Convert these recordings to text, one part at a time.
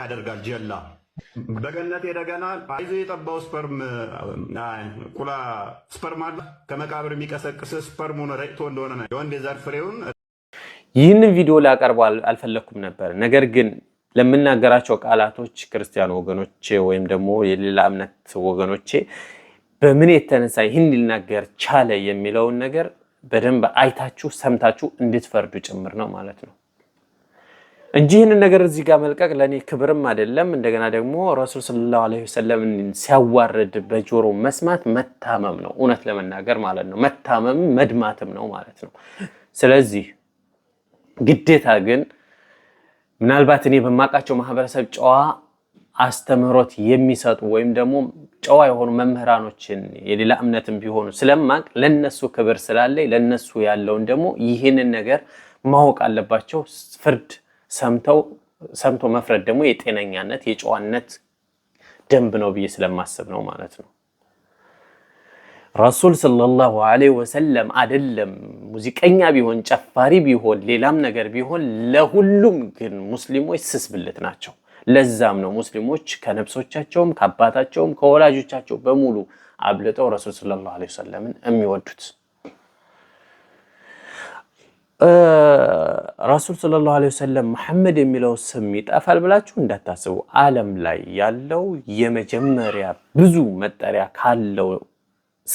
ያደርጋል ጀላ በገነት የደገና አይዞ የጠባው ስፐርም ቁላ ስፐርም አለ ከመቃብር የሚቀሰቅስ ስፐርም ሆነ ረጭቶ እንደሆነ ነው የወንድ የዘር ፍሬውን። ይህንን ቪዲዮ ላቀርበው አልፈለግኩም ነበር። ነገር ግን ለምናገራቸው ቃላቶች ክርስቲያን ወገኖቼ ወይም ደግሞ የሌላ እምነት ወገኖቼ በምን የተነሳ ይህን ሊናገር ቻለ የሚለውን ነገር በደንብ አይታችሁ ሰምታችሁ እንድትፈርዱ ጭምር ነው ማለት ነው። እንጂ ይህንን ነገር እዚህ ጋር መልቀቅ ለእኔ ክብርም አይደለም። እንደገና ደግሞ ረሱል ሰለላሁ ዐለይሂ ወሰለም ሲያዋርድ በጆሮ መስማት መታመም ነው፣ እውነት ለመናገር ማለት ነው። መታመም መድማትም ነው ማለት ነው። ስለዚህ ግዴታ ግን ምናልባት እኔ በማውቃቸው ማህበረሰብ ጨዋ አስተምህሮት የሚሰጡ ወይም ደግሞ ጨዋ የሆኑ መምህራኖችን የሌላ እምነትም ቢሆኑ ስለማቅ ለነሱ ክብር ስላለኝ ለነሱ ያለውን ደግሞ ይህንን ነገር ማወቅ አለባቸው ፍርድ ሰምተው ሰምቶ መፍረድ ደግሞ የጤነኛነት የጨዋነት ደንብ ነው ብዬ ስለማስብ ነው ማለት ነው። ረሱል ሰለላሁ ዐለይሂ ወሰለም አይደለም ሙዚቀኛ ቢሆን ጨፋሪ ቢሆን ሌላም ነገር ቢሆን ለሁሉም ግን ሙስሊሞች ስስ ብልት ናቸው። ለዛም ነው ሙስሊሞች ከነብሶቻቸውም ከአባታቸውም ከወላጆቻቸው በሙሉ አብልጠው ረሱል ሰለላሁ ዐለይሂ ወሰለምን የሚወዱት። ረሱል ሰለላሁ ዐለይሂ ወሰለም መሐመድ የሚለው ስም ይጠፋል ብላችሁ እንዳታስቡ። ዓለም ላይ ያለው የመጀመሪያ ብዙ መጠሪያ ካለው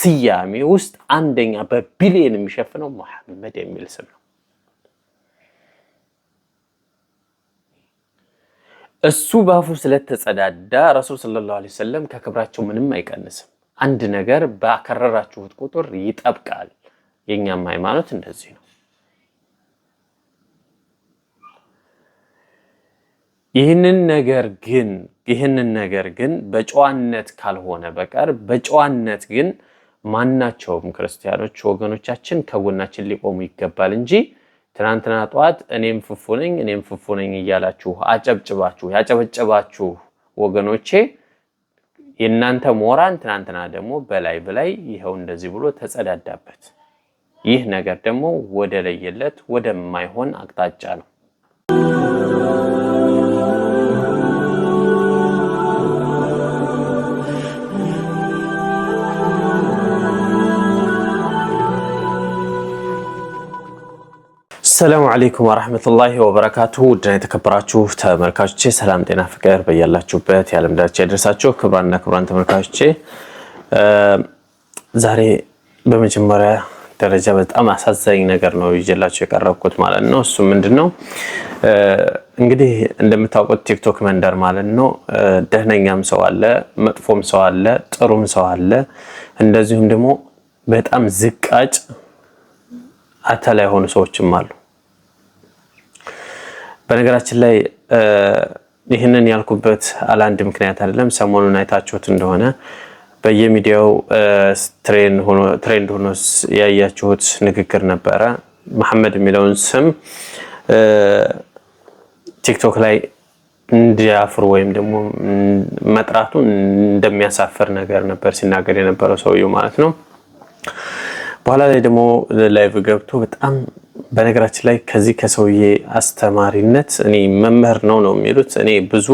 ስያሜ ውስጥ አንደኛ በቢሊየን የሚሸፍነው መሐመድ የሚል ስም ነው። እሱ በአፉ ስለተጸዳዳ ረሱል ሰለላሁ ዐለይሂ ወሰለም ከክብራቸው ምንም አይቀንስም። አንድ ነገር ባከረራችሁት ቁጥር ይጠብቃል። የእኛም ሃይማኖት እንደዚህ ነው። ይህንን ነገር ግን ይህንን ነገር ግን በጨዋነት ካልሆነ በቀር በጨዋነት ግን ማናቸውም ክርስቲያኖች ወገኖቻችን ከጎናችን ሊቆሙ ይገባል እንጂ ትናንትና ጠዋት እኔም ፍፉ ነኝ እኔም ፍፉ ነኝ እያላችሁ አጨብጭባችሁ ያጨበጨባችሁ ወገኖቼ የእናንተ ሞራን ትናንትና ደግሞ በላይ በላይ ይኸው እንደዚህ ብሎ ተጸዳዳበት። ይህ ነገር ደግሞ ወደ ለየለት ወደማይሆን አቅጣጫ ነው አሰላሙ አለይኩም ወራህመቱላሂ ወበረካቱ ውድና የተከበራችሁ ተመልካቾቼ ሰላም ጤና ፍቅር በያላችሁበት የዓለም ዳርቻ ያደርሳችሁ ክቡራንና ክቡራን ተመልካቾቼ ዛሬ በመጀመሪያ ደረጃ በጣም አሳዛኝ ነገር ነው ይዤላችሁ የቀረብኩት ማለት ነው እሱ ምንድን ነው እንግዲህ እንደምታውቁት ቲክቶክ መንደር ማለት ነው ደህነኛም ሰው አለ መጥፎም ሰው አለ ጥሩም ሰው አለ እንደዚሁም ደግሞ በጣም ዝቃጭ አተላ የሆኑ ሰዎችም አሉ። በነገራችን ላይ ይህንን ያልኩበት አላንድ ምክንያት አይደለም። ሰሞኑን አይታችሁት እንደሆነ በየሚዲያው ትሬንድ ሆኖ ያያችሁት ንግግር ነበረ። መሐመድ የሚለውን ስም ቲክቶክ ላይ እንዲያፍሩ ወይም ደግሞ መጥራቱ እንደሚያሳፍር ነገር ነበር ሲናገር የነበረው ሰውየው ማለት ነው። በኋላ ላይ ደግሞ ላይቭ ገብቶ በጣም በነገራችን ላይ ከዚህ ከሰውዬ አስተማሪነት እኔ መምህር ነው ነው የሚሉት እኔ ብዙ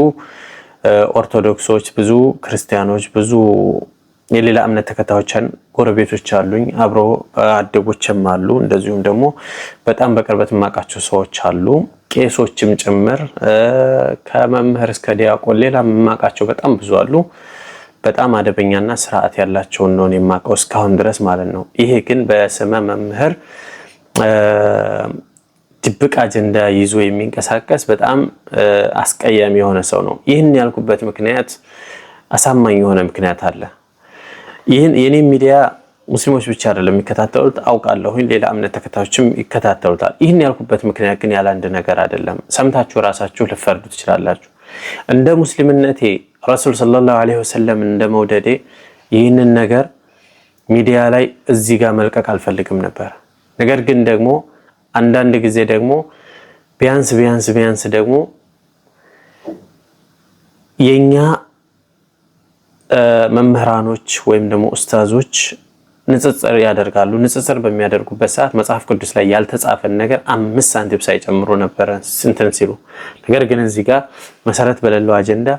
ኦርቶዶክሶች፣ ብዙ ክርስቲያኖች፣ ብዙ የሌላ እምነት ተከታዮችን ጎረቤቶች አሉኝ፣ አብሮ አደጎችም አሉ። እንደዚሁም ደግሞ በጣም በቅርበት የማውቃቸው ሰዎች አሉ፣ ቄሶችም ጭምር ከመምህር እስከ ዲያቆን ሌላ የማውቃቸው በጣም ብዙ አሉ። በጣም አደበኛና ስርዓት ያላቸውን ነው የማውቀው እስካሁን ድረስ ማለት ነው። ይሄ ግን በስመ መምህር ድብቅ አጀንዳ ይዞ የሚንቀሳቀስ በጣም አስቀያሚ የሆነ ሰው ነው። ይህን ያልኩበት ምክንያት አሳማኝ የሆነ ምክንያት አለ። ይህን የኔ ሚዲያ ሙስሊሞች ብቻ አይደለም የሚከታተሉት አውቃለሁኝ፣ ሌላ እምነት ተከታዮችም ይከታተሉታል። ይህን ያልኩበት ምክንያት ግን ያለ አንድ ነገር አይደለም። ሰምታችሁ ራሳችሁ ልፈርዱ ትችላላችሁ። እንደ ሙስሊምነቴ ረሱል ሰለላሁ ዐለይሂ ወሰለም እንደ መውደዴ ይህንን ነገር ሚዲያ ላይ እዚህ ጋር መልቀቅ አልፈልግም ነበር። ነገር ግን ደግሞ አንዳንድ ጊዜ ደግሞ ቢያንስ ቢያንስ ቢያንስ ደግሞ የኛ መምህራኖች ወይም ደግሞ ኡስታዞች ንጽጽር ያደርጋሉ። ንጽጽር በሚያደርጉበት ሰዓት መጽሐፍ ቅዱስ ላይ ያልተጻፈን ነገር አምስት ሳንቲም ሳይጨምሩ ነበረ ስንትን ሲሉ። ነገር ግን እዚህ ጋር መሰረት በሌለው አጀንዳ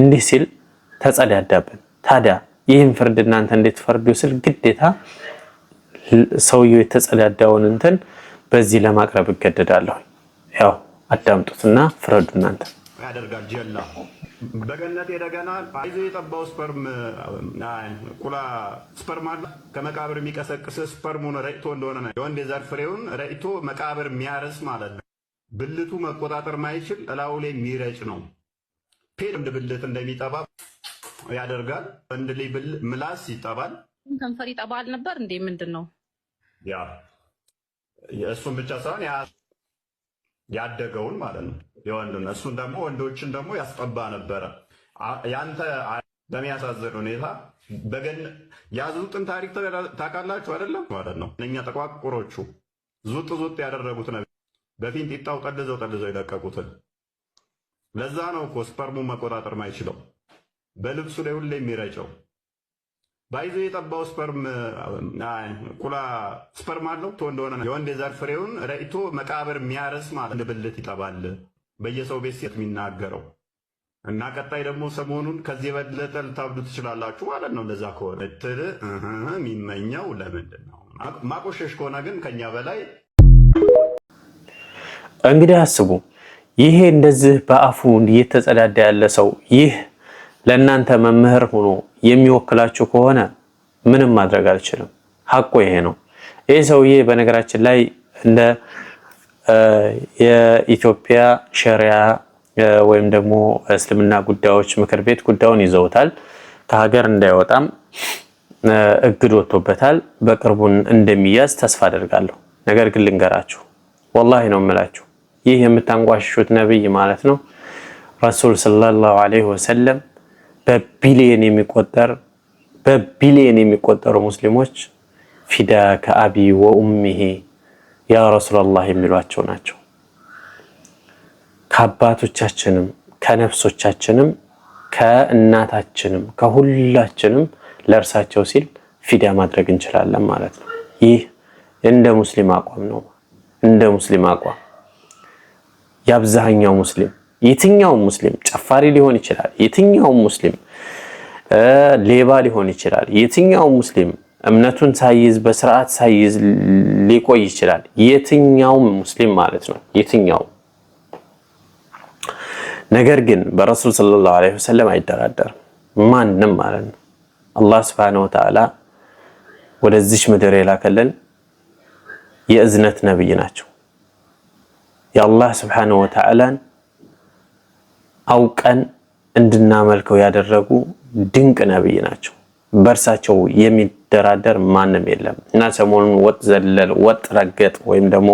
እንዲህ ሲል ተጸዳዳብን። ታዲያ ይህም ፍርድ እናንተ እንዴት ፈርዱ ስል ግዴታ ሰውየው የተጸዳዳውን እንትን በዚህ ለማቅረብ እገደዳለሁ። ያው አዳምጡትና ፍረዱ እናንተ ያደርጋል ጀላ በገነት የደገና ይዞ የጠባው ስፐርም ቁላ ስፐርም አለ ከመቃብር የሚቀሰቅስ ስፐርሙን ረጭቶ እንደሆነ ነው። የወንድ የዘር ፍሬውን ረጭቶ መቃብር የሚያርስ ማለት ነው። ብልቱ መቆጣጠር ማይችል እላው ላይ የሚረጭ ነው። ፔድ ብልት እንደሚጠባ ያደርጋል። ወንድ ላይ ምላስ ይጠባል። ከንፈር ይጠባል ነበር እንዴ? ምንድን ነው ያ? እሱን ብቻ ሳይሆን ያደገውን ማለት ነው የወንድን እሱን ደግሞ ወንዶችን ደግሞ ያስጠባ ነበረ። ያንተ በሚያሳዝን ሁኔታ በገን ያዙጥን ታሪክ ታውቃላችሁ አይደለም ማለት ነው። እኛ ጠቋቁሮቹ ዙጥ ዙጥ ያደረጉት ነው በፊንጢጣው ጠልዘው ጠልዘው የለቀቁትን። ለዛ ነው እኮ ስፐርሙን መቆጣጠር ማይችለው በልብሱ ላይ ሁሌ የሚረጨው። ባይዞ የጠባው ስፐርም ቁላ ስፐርም አለው ተወንድ ሆነ የወንድ የዘር ፍሬውን ረጭቶ መቃብር የሚያረስ ማለት እንደ ይጠባል። በየሰው ቤት ሴት የሚናገረው እና ቀጣይ ደግሞ ሰሞኑን ከዚህ የበለጠ ልታብዱ ትችላላችሁ ማለት ነው። እንደዛ ከሆነ እትል የሚመኘው ለምንድን ነው? ማቆሸሽ ከሆነ ግን ከኛ በላይ እንግዲህ አስቡ። ይሄ እንደዚህ በአፉ እየተጸዳዳ ያለ ሰው ይህ ለእናንተ መምህር ሆኖ የሚወክላችሁ ከሆነ ምንም ማድረግ አልችልም። ሀቆ ይሄ ነው። ይህ ሰውዬ በነገራችን ላይ እንደ የኢትዮጵያ ሸሪያ ወይም ደግሞ እስልምና ጉዳዮች ምክር ቤት ጉዳዩን ይዘውታል። ከሀገር እንዳይወጣም እግድ ወጥቶበታል። በቅርቡን እንደሚያዝ ተስፋ አደርጋለሁ። ነገር ግን ልንገራችሁ፣ ወላሂ ነው የምላችሁ ይህ የምታንቋሽሹት ነብይ ማለት ነው ረሱል ሰለላሁ ዐለይሂ ወሰለም በቢሊየን የሚቆጠር በቢሊየን የሚቆጠሩ ሙስሊሞች ፊዳ ከአቢ ወኡሚሂ ያ ረሱላላህ የሚሏቸው ናቸው። ከአባቶቻችንም ከነፍሶቻችንም ከእናታችንም ከሁላችንም ለእርሳቸው ሲል ፊዳ ማድረግ እንችላለን ማለት ነው። ይህ እንደ ሙስሊም አቋም ነው። እንደ ሙስሊም አቋም የአብዛኛው ሙስሊም የትኛውም ሙስሊም ጨፋሪ ሊሆን ይችላል። የትኛውም ሙስሊም ሌባ ሊሆን ይችላል። የትኛውም ሙስሊም እምነቱን ሳይዝ በስርዓት ሳይዝ ሊቆይ ይችላል። የትኛውም ሙስሊም ማለት ነው። የትኛው ነገር ግን በረሱል ሰለላሁ ዐለይሂ ወሰለም አይደራደርም ማንም ማለት ነው። አላህ ስብሐነሁ ወተዓላ ወደዚች ምድር የላከልን የእዝነት ነብይ ናቸው። የአላህ ስብሐነሁ ወተዓላን አውቀን እንድናመልከው ያደረጉ ድንቅ ነብይ ናቸው። በእርሳቸው የሚደራደር ማንም የለም እና ሰሞኑን ወጥ ዘለል ወጥ ረገጥ ወይም ደግሞ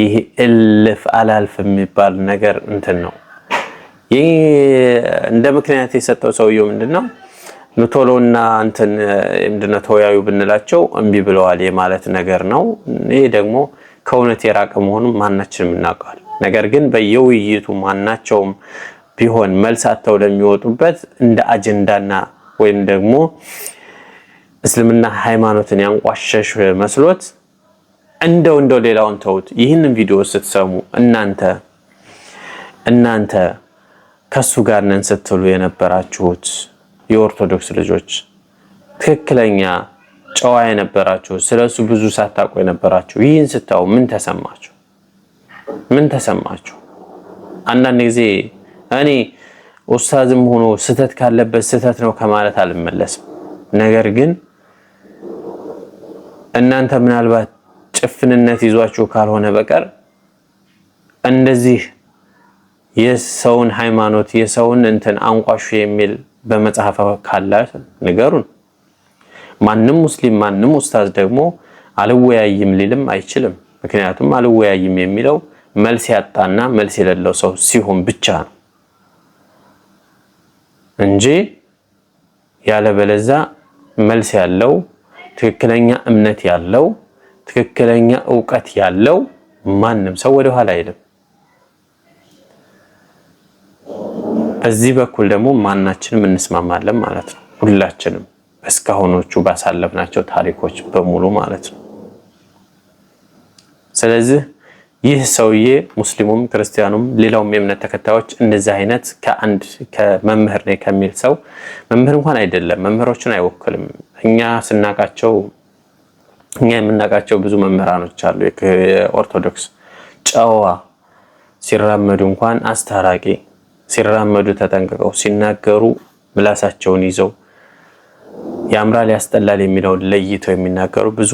ይህ እልፍ አላልፍ የሚባል ነገር እንትን ነው። ይህ እንደ ምክንያት የሰጠው ሰውየው ምንድን ነው ቶሎና እንትን ምንድነው ተወያዩ ብንላቸው እምቢ ብለዋል የማለት ነገር ነው። ይሄ ደግሞ ከእውነት የራቀ መሆኑ ማናችንም እናውቀዋል። ነገር ግን በየውይይቱ ማናቸውም ቢሆን መልስ አጥተው ለሚወጡበት እንደ አጀንዳና ወይም ደግሞ እስልምና ሃይማኖትን ያንቋሸሽ መስሎት እንደው እንደው ሌላውን ተውት። ይህንን ቪዲዮ ስትሰሙ እናንተ እናንተ ከሱ ጋር ነን ስትሉ የነበራችሁት የኦርቶዶክስ ልጆች ትክክለኛ ጨዋ የነበራችሁ ስለሱ ብዙ ሳታውቁ የነበራችሁ ይህን ስታው ምን ተሰማችሁ? ምን ተሰማችሁ? አንዳንድ ጊዜ እኔ ኡስታዝም ሆኖ ስህተት ካለበት ስህተት ነው ከማለት አልመለስም። ነገር ግን እናንተ ምናልባት ጭፍንነት ይዟችሁ ካልሆነ በቀር እንደዚህ የሰውን ሃይማኖት የሰውን እንትን አንቋሹ የሚል በመጽሐፍ ካለ ንገሩን። ማንም ሙስሊም ማንም ኡስታዝ ደግሞ አልወያይም ሊልም አይችልም። ምክንያቱም አልወያይም የሚለው መልስ ያጣና መልስ የሌለው ሰው ሲሆን ብቻ ነው። እንጂ ያለበለዛ መልስ ያለው ትክክለኛ እምነት ያለው ትክክለኛ እውቀት ያለው ማንም ሰው ወደ ኋላ አይልም። በዚህ በኩል ደግሞ ማናችንም እንስማማለን ማለት ነው። ሁላችንም እስካሁኖቹ ባሳለፍናቸው ታሪኮች በሙሉ ማለት ነው። ስለዚህ ይህ ሰውዬ ሙስሊሙም ክርስቲያኑም ሌላውም የእምነት ተከታዮች እንደዚህ አይነት ከአንድ ከመምህር ነው ከሚል ሰው መምህር እንኳን አይደለም፣ መምህሮችን አይወክልም። እኛ ስናቃቸው እኛ የምናውቃቸው ብዙ መምህራኖች አሉ። የኦርቶዶክስ ጨዋ ሲራመዱ እንኳን አስታራቂ፣ ሲራመዱ ተጠንቅቀው፣ ሲናገሩ ምላሳቸውን ይዘው ያምራል ያስጠላል የሚለውን ለይተው የሚናገሩ ብዙ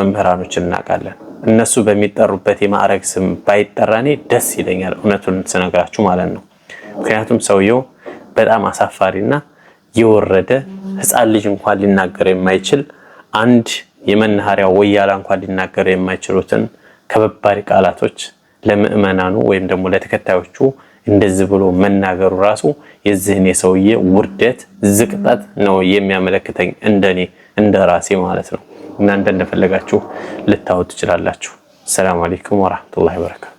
መምህራኖች እናውቃለን። እነሱ በሚጠሩበት የማዕረግ ስም ባይጠራኔ ደስ ይለኛል፣ እውነቱን ስነግራችሁ ማለት ነው። ምክንያቱም ሰውየው በጣም አሳፋሪና የወረደ ህፃን ልጅ እንኳን ሊናገር የማይችል አንድ የመናኸሪያ ወያላ እንኳን ሊናገር የማይችሉትን ከባባድ ቃላቶች ለምእመናኑ ወይም ደግሞ ለተከታዮቹ እንደዚህ ብሎ መናገሩ ራሱ የዚህን የሰውዬ ውርደት ዝቅጠት ነው የሚያመለክተኝ እንደኔ እንደ ራሴ ማለት ነው። እናንተ እንደፈለጋችሁ ልታወት ትችላላችሁ። ሰላም አለይኩም ወራህመቱላሂ ወበረካቱ።